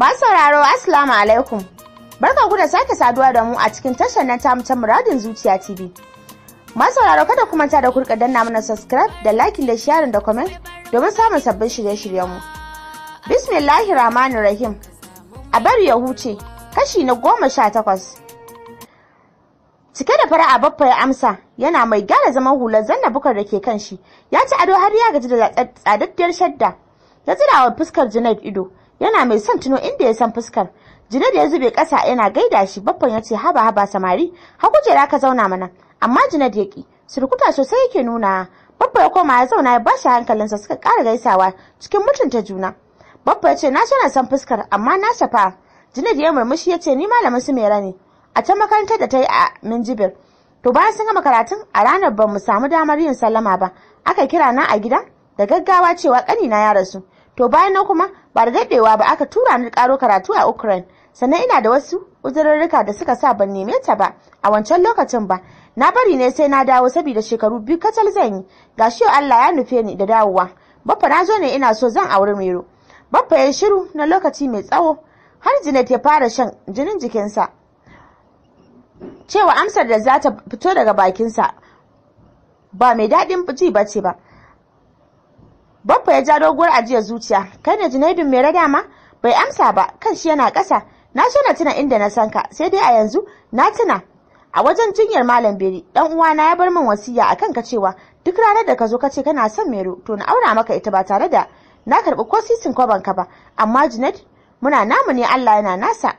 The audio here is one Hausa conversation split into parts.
Masu sauraro Assalamu alaikum. Barka ku da sake saduwa da mu a cikin tashar na tamu ta muradin zuciya TV. Masu sauraro kada ku manta da kurka danna mana subscribe da like da share da comment domin samun sabbin shirye-shiryen mu. Bismillahir Rahmanir Rahim. A bari ya huce kashi na goma sha takwas. Cike da fara'a baffa ya amsa yana mai gyara zaman hular zanna bukar da ke kan shi ya ci ado har ya gaji da tsadaddiyar shadda ya tsira wa fuskar Junaid ido yana mai son tuno inda ya san fuskar Junaid ya zube ƙasa yana gaida shi Babban ya ce haba haba samari hakujera ka zauna mana amma Junaid ya ki surkuta sosai yake nuna babba ya koma ya zauna ya bashi hankalinsa suka ƙara gaisawa cikin mutunta juna babba ya ce na so na san fuskar amma na shafa Junaid ya murmushi ya ce ni malamin su mera ne a can makarantar da ta yi a Minjibir to bayan sun gama karatun a ranar ba mu samu damar yin sallama ba aka kira na a gida da gaggawa cewa ƙanina ya rasu to bayan na kuma ba da daɗewa ba aka tura ni ƙaro karatu a ukraine sannan ina da wasu uzurarruka da suka sa ban neme ta ba a wancan lokacin ba na bari ne sai na dawo saboda shekaru biyu kacal zan yi shi yau Allah ya nufe ni da dawowa baffa na zo ne ina so zan auri mero baffa ya shiru na lokaci mai tsawo har jinet ya fara shan jinin jikinsa cewa amsar da za ta fito daga bakinsa ba mai daɗin ji ba ce ba Baffa ya ja doguwar ajiyar zuciya, kai ne Junaidu mai rada ma? Bai amsa ba, kan shi yana ƙasa. Na so na tuna inda na san ka, sai dai a yanzu na tuna. A wajen jinyar Malam Beri, ɗan uwana ya bar min wasiya kan ka cewa duk ranar da ka zo ka ce kana son Mero, to na aura maka ita ba tare da na karɓi ko sisin kwaban ka ba. Amma Junaid, muna namu ne Allah yana nasa.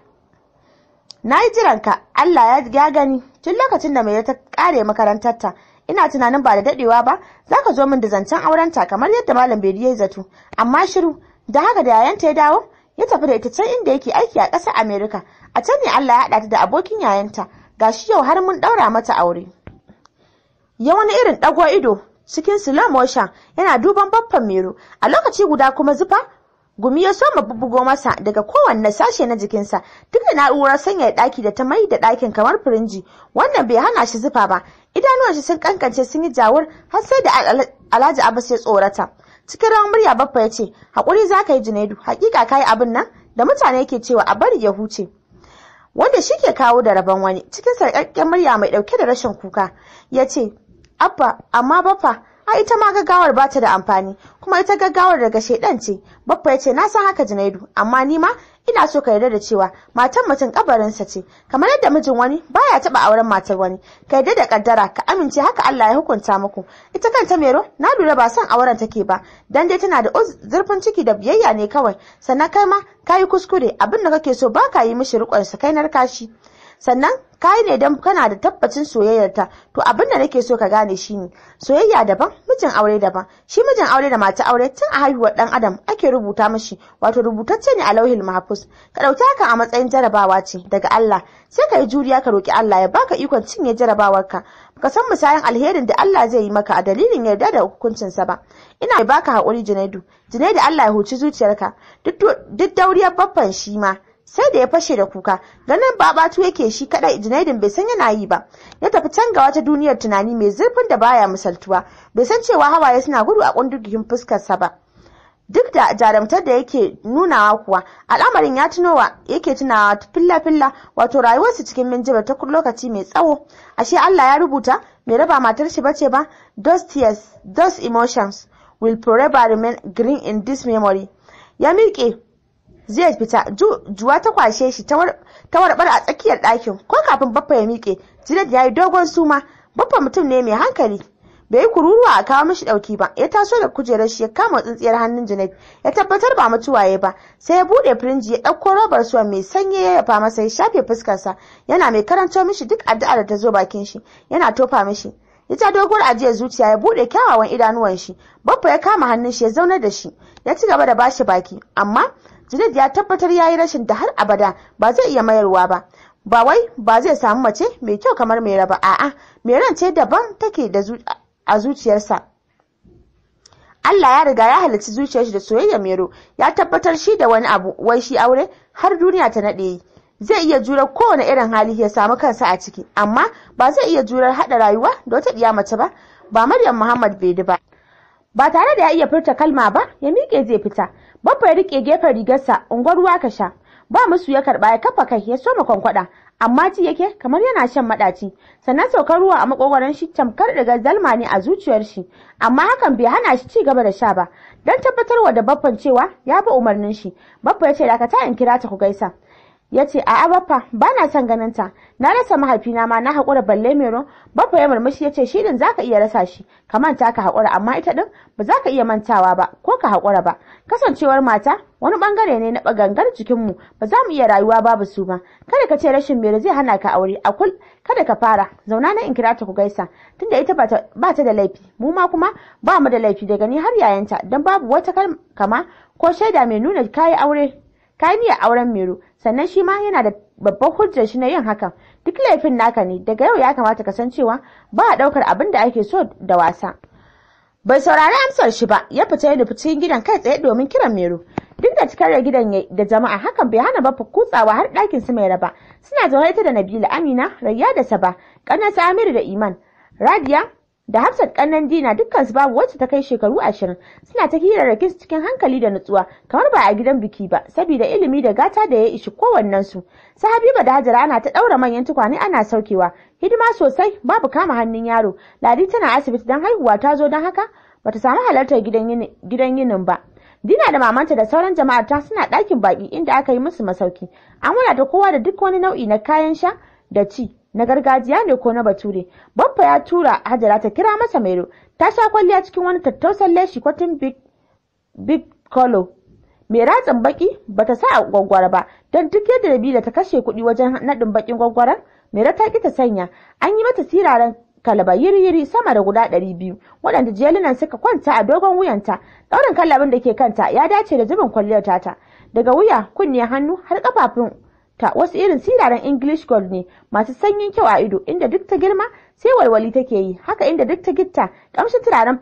Na yi jiranka, Allah ya gani tun lokacin da mai ta kare makarantarta. ina tunanin ba da dadewa ba zaka zo min da zancen aurenta kamar yadda malam Bedi ya zato amma shiru da haka da yayanta ya dawo ya tafi da ita can inda yake aiki a ƙasar Amerika a can ne Allah ya hada ta da abokin yayanta gashi yau har mun ɗaura mata aure ya wani irin ɗago ido cikin slow motion yana duban baffan mero a lokaci guda kuma zufa Gumi ya so ma bubugo masa daga kowanne sashe na jikinsa duk da na'urar sanya daki da ta mai da dakin kamar firinji wannan bai hana shi zufa ba idanuwan shi sun kankance sun yi jawur har sai da Alhaji Abbas ya tsorata cikin rawar murya babba ya ce hakuri za ka yi Junaidu hakika ka yi abin nan da mutane ke cewa a bari ya huce wanda shi ke kawo da rabon wani cikin sarƙaƙƙen murya mai ɗauke da rashin kuka ya ce abba amma bafa ai ita ma gaggawar ba ta da amfani kuma ita gaggawar daga shaidan ce babba ya ce na san haka janaidu amma ni ma ina so ka yarda da cewa matan mutum kabarinsa ce kamar yadda mijin wani baya taba auren matar wani ka yarda da kaddara ka amince haka Allah ya hukunta muku ita kanta mero na lura ba son auren take ba dan dai tana da zurfin ciki da biyayya ne kawai sannan kai ma kayi kuskure abin da kake so ba ka yi mishi rikon sa kai narkashi sannan kayi ne don kana da tabbacin soyayyarta to abin da nake so ka gane shi ne soyayya daban mijin aure daban shi mijin aure da mata aure tun a haihuwar dan adam ake rubuta mashi wato rubutacce ne a lauhin mahfuz ka ɗauki hakan a matsayin jarabawa ce daga Allah sai ka yi juriya ka roki Allah ya baka ikon cinye jarabawarka ka san misalin alherin da Allah zai yi maka a dalilin yarda da hukuncinsa ba ina baka haƙuri Junaidu Junaidu Allah ya huci zuciyarka duk dauriyar babban shi ma sai da ya fashe da kuka ganin babatu yake shi kadai junaidin bai san yana yi ba ya tafi can ga wata duniyar tunani mai zurfin da baya misaltuwa bai san cewa hawaye suna gudu a kundugin fuskarsa ba duk da jaramtar da yake nunawa kuwa al'amarin ya tunowa yake tunawa filla filla wato rayuwarsu cikin minjibir ta lokaci mai tsawo ashe Allah ya rubuta mai raba matar shi bace ba those tears those emotions will forever remain green in this memory ya miƙe zai fita juwa ta kwashe shi ta warbar a tsakiyar ɗakin ko kafin baffa ya miƙe Junaid ya yi dogon suma baffa mutum ne mai hankali bai yi kururuwa a kawo mishi ɗauki ba ya taso da kujerar shi ya kama tsintsiyar hannun Junaid ya tabbatar ba ya ba sai ya buɗe firinji ya ɗauko robar suwan mai sanyi ya yafa masa ya shafe fuskarsa yana mai karanto mishi duk addu'ar da ta zo bakin shi yana tofa mishi ya ta doguwar ajiyar zuciya ya buɗe kyawawan idanuwan shi Baffa ya kama hannun shi ya zaunar da shi ya ci gaba da bashi baki amma Junaid ya tabbatar ya yi rashin da har abada ba zai iya mayarwa ba. Ba wai ba zai samu mace mai kyau kamar mai raba a'a mai ran ce daban take da a zuciyarsa. Allah ya riga ya halarci zuciyar shi da soyayya mero ya tabbatar shi da wani abu wai shi aure har duniya ta nade zai iya jurar kowane irin hali ya samu kansa a ciki amma ba zai iya jurar hada rayuwa da wata diya mace ba ba Maryam Muhammad Bedi ba ba tare da ya iya furta kalma ba ya miƙe zai fita Baffa ya rike gefen rigarsa unguwar ruwa ka sha. Ba musu ya karba ya kafa kai ya soma kwankwada amma ji yake kamar yana shan madaci sannan saukar ruwa a makogwaron shi tamkar daga zalma ne a zuciyar shi amma hakan bai hana shi ci gaba da sha ba dan tabbatarwa da baffan cewa ya bi umarnin shi baffa ya ce dakata in kira ta ku gaisa ya ce a'a baffa ba na son ganin ta na rasa mahaifina ma na haƙura balle mero baffa ya murmushi ya ce shi din zaka iya rasa shi ka manta ka haƙura amma ita din ba za ka iya mantawa ba ko ka haƙura ba kasancewar mata wani bangare ne na bagangar jikinmu ba za mu iya rayuwa babu su ba kada ka ce rashin mero zai hana ka aure a kul kada ka fara zauna na in kira ta ku gaisa tunda ita ba ta da laifi mu ma kuma ba mu da laifi daga ni har yayanta don babu wata kama ko shaida mai nuna kayi aure ka niyyar auren Meru, sannan shi ma yana da babban hujjar shi na yin hakan duk laifin naka ne daga yau ya kamata ka san cewa ba a ɗaukar abin da ake so da wasa bai saurari amsar shi ba ya fita ya nufi cikin gidan kai tsaye domin kiran Mero duk da cikar da gidan da jama'a hakan bai hana ba kutsawa har ɗakin su mai raba suna zaune ta da Nabila Amina Rayya da Saba ƙanar Samiru da Iman Radiya da Hafsat kannan Dina dukkan su babu wacce ta kai shekaru ashirin suna ta hirarrakin su cikin hankali da nutsuwa kamar ba a gidan biki ba saboda ilimi da gata da ya ishi kowannen su su Habiba da Hajara ana ta daura manyan tukwane ana saukewa hidima sosai babu kama hannun yaro Ladi tana asibiti dan haihuwa ta zo don haka bata samu halartar gidan yinin ba Dina da mamanta da sauran jama'ar ta suna ɗakin baƙi inda aka yi musu masauki an wadata kowa da duk wani nau'i na kayan sha da ci na gargajiya ne ko na bature baffa ya tura hajara ta kira masa mairo ta sha kwalliya cikin wani tattausan leshi kwatin big big kolo mai ratsin baki bata sa gwangwara ba don duk yadda Nabila ta kashe kuɗi wajen naɗin bakin gwangwaran mai rata ta sanya an yi mata siraran kalaba yiri-yiri sama da guda ɗari biyu waɗanda jelunan suka kwanta a dogon wuyanta ɗaurin kalabin da ke kanta ya dace da zubin kwalliyar tata daga wuya kunne hannu har ƙafafun ta wasu irin siraran English gold ne masu sanyin kyau a ido inda duk ta girma sai walwali take yi haka inda duk ta gitta kamshin turaren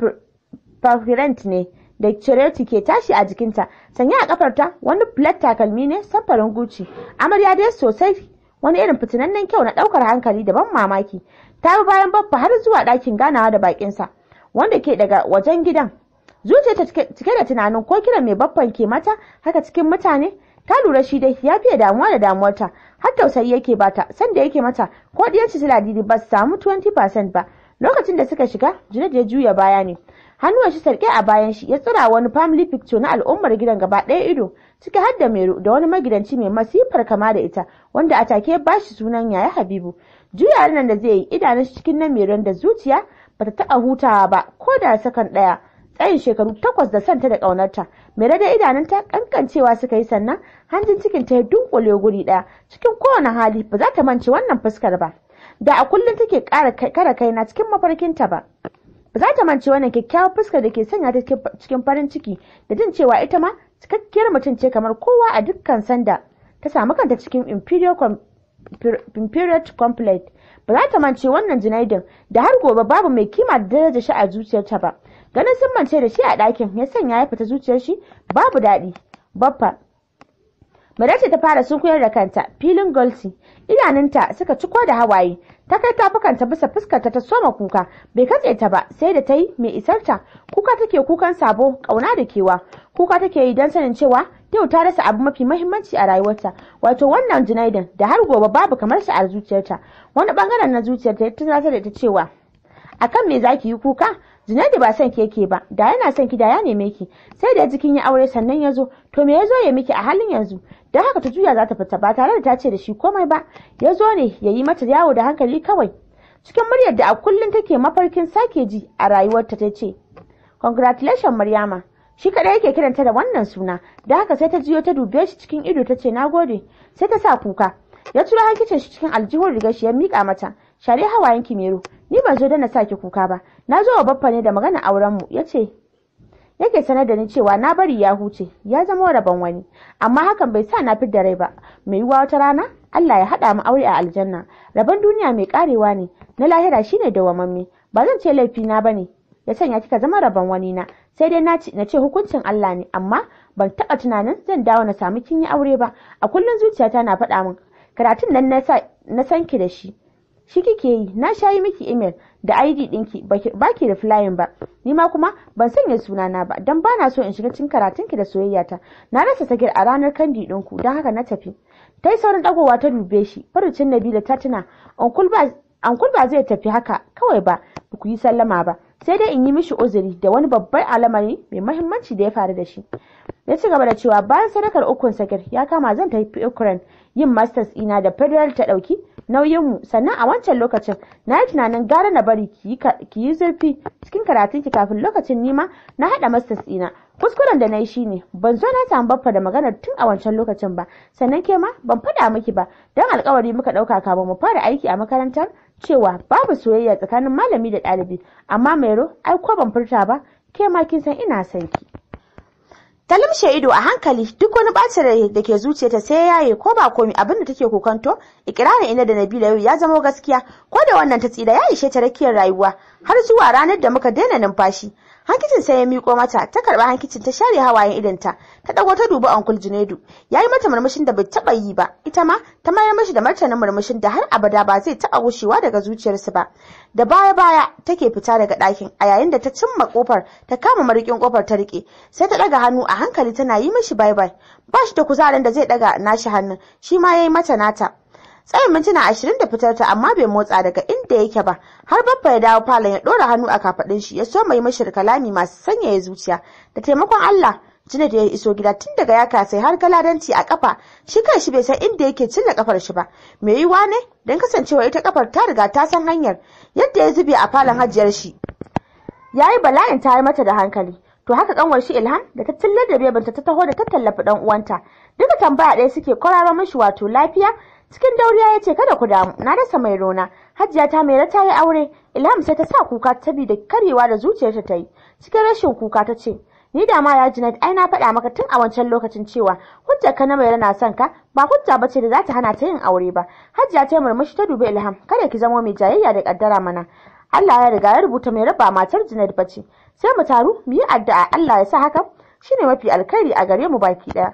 perfurant ne da cireti ke tashi a jikinta sanye a kafarta wani flat takalmi ne samfarin guci amarya dai sosai wani irin fitinannen kyau na daukar hankali daban mamaki ta bi bayan baffa har zuwa dakin ganawa da bakinsa wanda ke daga wajen gidan zuciyarta cike da tunanin ko kiran mai baffan ke mata haka cikin mutane ta lura shi dai ya fiye damuwa da damuwarta har tausayi yake bata sanda yake mata ko diyarci ta ladidi ba su samu 20% ba lokacin da suka shiga Junaid ya juya baya ne hannuwan shi sarke a bayan shi ya tsira wani family picture na al'ummar gidan gaba ɗaya ido ciki har da Meru da wani magidanci mai masifar kama da ita wanda a take ba shi sunan yaya Habibu juya nan da zai yi idanun shi cikin nan Meru da zuciya bata taɓa hutawa ba ko da sakan ɗaya tsayin shekaru takwas da santa da ƙaunarta mai da idananta kankancewa suka yi sannan hanjin cikin ta ya dunkule guri ɗaya cikin kowane hali ba za ta mance wannan fuskar ba da a kullum take ƙara kara kaina cikin mafarkinta ba ba za ta mance wannan kyakkyawar fuskar da ke sanya ta cikin farin ciki da jin cewa ita ma cikakkiyar mutum ce kamar kowa a dukkan sanda ta samu kanta cikin imperial complete ba za ta mance wannan jinaidin da har gobe babu mai kima da daraja shi a zuciyarta ba ganin sun mance da shi a ɗakin ya sanya ya fita zuciyar shi babu daɗi baffa Madarci ta fara sunkuyar da kanta filin golti idanunta suka ciko da hawaye ta kai tafukanta bisa fuskarta ta soma kuka bai katse ta ba sai da ta yi mai isarta kuka take kukan sabo ƙauna da kewa kuka take yi don sanin cewa yau ta rasa abu mafi mahimmanci a rayuwarta wato wannan junaidin. da har gobe babu kamar shi a zuciyarta wani bangaren na zuciyarta ya tunatar da ta cewa akan me zaki yi kuka Zinadi ba son ki yake ba, da yana son ki da ya neme ki, sai da jikin ya aure sannan ya zo, to me ya zo ya miki a halin yanzu? Don haka ta juya za ta fita ba tare da ta ce da shi komai ba, ya zo ne ya yi mata yawo da hankali kawai. Cikin muryar da a kullum take mafarkin sake ji a rayuwarta ta ce, Congratulations Maryama, shi kaɗai yake kiranta da wannan suna, da haka sai ta jiyo ta dube shi cikin ido ta ce nagode, sai ta sa kuka. Ya tura hankicin shi cikin aljihun rigar shi ya miƙa mata, share hawayen kimero, ni ban zo da na saki kuka ba na zo wa baffa ne da magana auren mu yace yake sanar da ni cewa na bari ya huce ya zama rabon wani amma hakan bai sa na da rai ba mai yiwuwa wata rana Allah ya haɗa mu aure a aljanna rabon duniya mai karewa ne na lahira shine wamanni. ba zan ce laifi na bane ya sanya kika zama rabon wani na sai dai na ce hukuncin Allah ne amma ban taɓa tunanin zan dawo na samu kin yi aure ba a kullum zuciyata na faɗa min karatun nan na san ki da shi shi kike yi na sha miki email da ID ɗinki ba ki da flying ba ni ma kuma ban sanya sunana ba don bana na so in shiga cikin karatunki da soyayyata na rasa sagir a ranar kandi ɗinku don haka na tafi ta yi saurin ɗagowa ta dube shi farucin Nabila ta tuna ankul ba zai tafi haka kawai ba ba ku yi sallama ba sai dai in yi mishi uzuri da wani babbar alamari mai mahimmanci da ya faru da shi ya ci gaba da cewa bayan sadakar ukun sakir ya kama zan tafi ukraine yin masters ina da federal ta ɗauki nauyinmu sannan a wancan lokacin na yi tunanin gara na bari ki yi zurfi cikin karatunki kafin lokacin nima na haɗa masters ɗina kuskuren da na yi shine ban zo na samu baffa da maganar tun a wancan lokacin ba sannan ke ma ban faɗa miki ba don alkawari muka ɗauka kafin mu fara aiki a makarantar cewa babu soyayya tsakanin malami da ɗalibi amma mero ai ko ban furta ba ke ma kin san ina sanki. ta limshe ido a hankali duk wani bacin da ke zuciyarta sai yaye ko ba komi abin da take kokanto ikirarin ina da Nabila yau ya zama gaskiya ko da wannan ta tsira ya ishe ta rakiyar rayuwa har zuwa ranar da muka daina numfashi hankicin sai ya miko mata ta karba hankicin ta share hawayen idanta ta dago ta dubi uncle Junaidu yi mata murmushin da bai taɓa yi ba ita ma ta mayar mashi da martanin murmushin da har abada ba zai taɓa gushewa daga zuciyarsu ba da baya baya take fita daga ɗakin a yayin da ta cimma kofar ta kama marikin kofar ta rike sai ta ɗaga hannu a hankali tana yi mishi bye bye ba shi da kuzarin da zai ɗaga nashi hannun shi ma ya yi mata nata tsayin mintuna ashirin da fitar ta amma bai motsa daga inda yake ba har babba ya dawo falon ya ɗora hannu a kafaɗin shi ya so mai mashi kalami masu sanyaya zuciya da taimakon Allah jina da ya iso gida tun daga ya kasai har galadanci a kafa shi kan shi bai san inda yake cinna kafar shi ba me yiwa ne don kasancewa ita kafar ta riga ta san hanyar yadda ya zube a falon hajiyar shi Ya yi bala'in ta yi mata da hankali to haka kanwar shi Ilhan da ta tillar da bebanta ta taho da ta tallafi dan uwanta duka tambaya ɗaya suke kwararo mashi wato lafiya cikin dauriya ya ce kada ku damu na rasa mai rona hajiya ta mai ta yi aure ilham sai ta sa kuka ta bi da karewa da zuciyarta ta yi cikin rashin kuka ta ce ni da ma ya jinat ai na faɗa maka tun a wancan lokacin cewa hujjar ka na mai rana son ka ba hujja ba ce da za ta hana ta yin aure ba hajiya ta murmushi ta dubi ilham kada ki zama mai jayayya da kaddara mana Allah ya riga ya rubuta mai raba matar jinat bace. sai mu taru mu yi addu'a Allah ya sa hakan shine mafi alkhairi a gare mu baki daya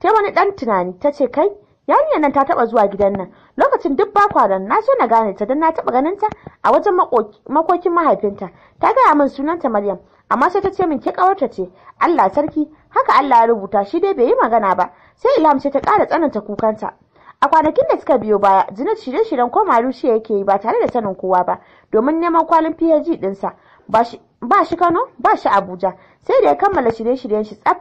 ta wani dan tunani tace kai yarinyar nan ta taɓa zuwa gidan nan lokacin duk ba kwaran na so na gane ta don na taɓa ganin ta a wajen makokin mahaifinta ta gaya min sunanta maryam amma sai ta ce min ke kawarta ce allah sarki haka allah ya rubuta shi dai bai yi magana ba sai ilham ce ta ƙara tsananta kukanta a kwanakin da suka biyo baya zinat shirye-shiryen koma ya yake yi ba tare da sanin kowa ba domin neman kwalin phd dinsa ba shi kano ba shi abuja sai da ya kammala shirye-shiryen shi tsaf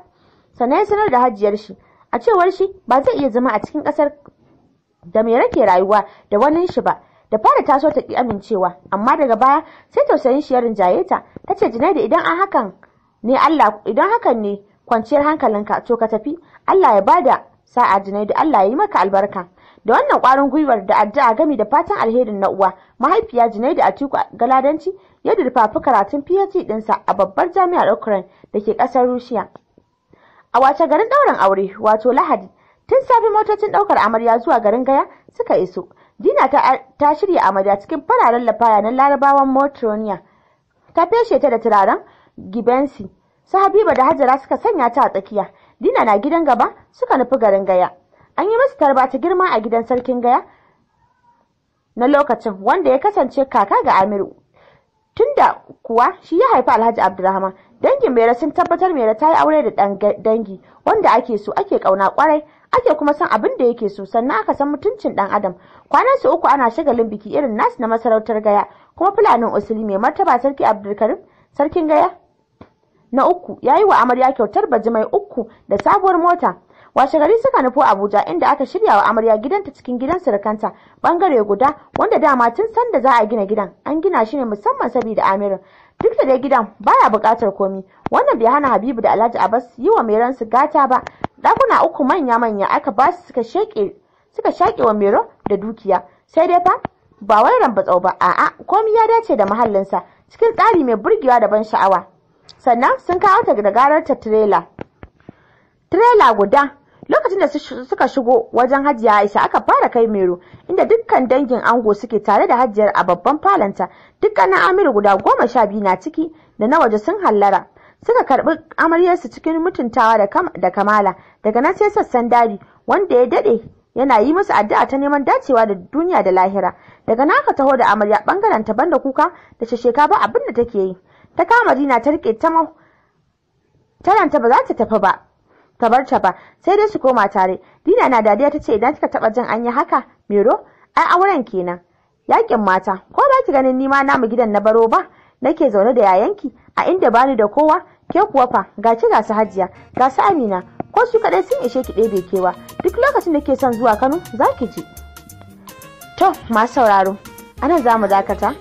sannan ya sanar da hajiyar shi a cewar shi ba zai iya zama a cikin kasar da mai rake rayuwa da wani shi ba da fara taso ta ki amincewa amma daga baya sai tausayin shi ya rinjaye ta ta ce idan an hakan ne Allah idan hakan ne kwanciyar hankalinka to ka tafi Allah ya bada sa'a junaidu? Allah ya yi maka albarka da wannan kwarin gwiwar da addu'a gami da fatan alherin na uwa mahaifiya Junaidi Atiku Galadanci ya durfafa karatun PhD dinsa a babbar jami'ar Ukraine da ke kasar Russia a wace garin ɗaurin aure wato lahadi tun safe motocin ɗaukar amarya zuwa garin gaya suka iso dina ta, shirya amarya cikin fararen lafaya na larabawan motroniya ta feshe ta da turaren gibensi su habiba da hajara suka sanya ta a tsakiya dina na gidan gaba suka nufi garin gaya an yi masu tarba ta girma a gidan sarkin gaya na lokacin wanda ya kasance kaka ga amiru tunda kuwa shi ya haifi alhaji abdurrahman dangin mera sun tabbatar mera ta yi aure da dan dangi wanda ake so ake kauna kwarai ake kuma san abin da yake so sannan aka san mutuncin ɗan adam kwanan su uku ana shagalin biki irin nasu na masarautar gaya kuma fulanin usuli mai martaba sarki abdulkarim sarkin gaya na uku ya yi wa amarya kyautar mai uku da sabuwar mota washe gari suka nufo abuja inda aka shirya wa amarya gidanta cikin gidan surukanta bangare guda wanda dama tun sanda za a gina gidan an gina shi ne musamman saboda amirin duk da dai gidan baya buƙatar komi wannan bai hana habibu da alhaji abbas yi wa mai ransu gata ba ɗakuna uku manya manya aka ba su suka sheke suka shaƙe wa mero da dukiya sai dai fa ba wai rambatsau ba a'a komi ya dace da mahallinsa cikin tsari mai burgewa da ban sha'awa sannan sun kawo ta da garar ta tirela tirela guda lokacin da suka shigo wajen hajiya aisha aka fara kai mero inda dukkan dangin ango suke tare da hajiyar a babban falanta dukkanin amiru guda goma sha biyu na ciki da na waje sun hallara suka karbi amaryarsu cikin mutuntawa da kamala daga nan sai sassan dadi wanda ya dade yana yi musu addu'a ta neman dacewa da duniya da lahira daga nan aka taho da amarya bangaren ta banda kuka da shasheka ba abin da take yi ta kama dina ta rike ta taranta ba za ta tafi ba ta bar ta ba sai dai su koma tare dina na dadiya ta ce idan kika taba jin an yi haka mero ai auren kenan yakin mata ko ba ki ganin nima namu gidan na baro ba nake zaune da yayanki a inda bani da kowa ke kuwa fa gaci ga su hajiya ga su amina ko su kadai sun ishe ki ɗebe kewa duk lokacin da ke son zuwa kano za ki je to masu sauraro anan za mu dakata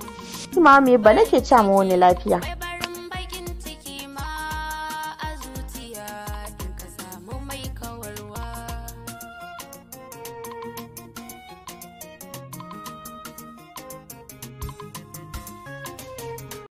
ma me ba nake cewa mu wani lafiya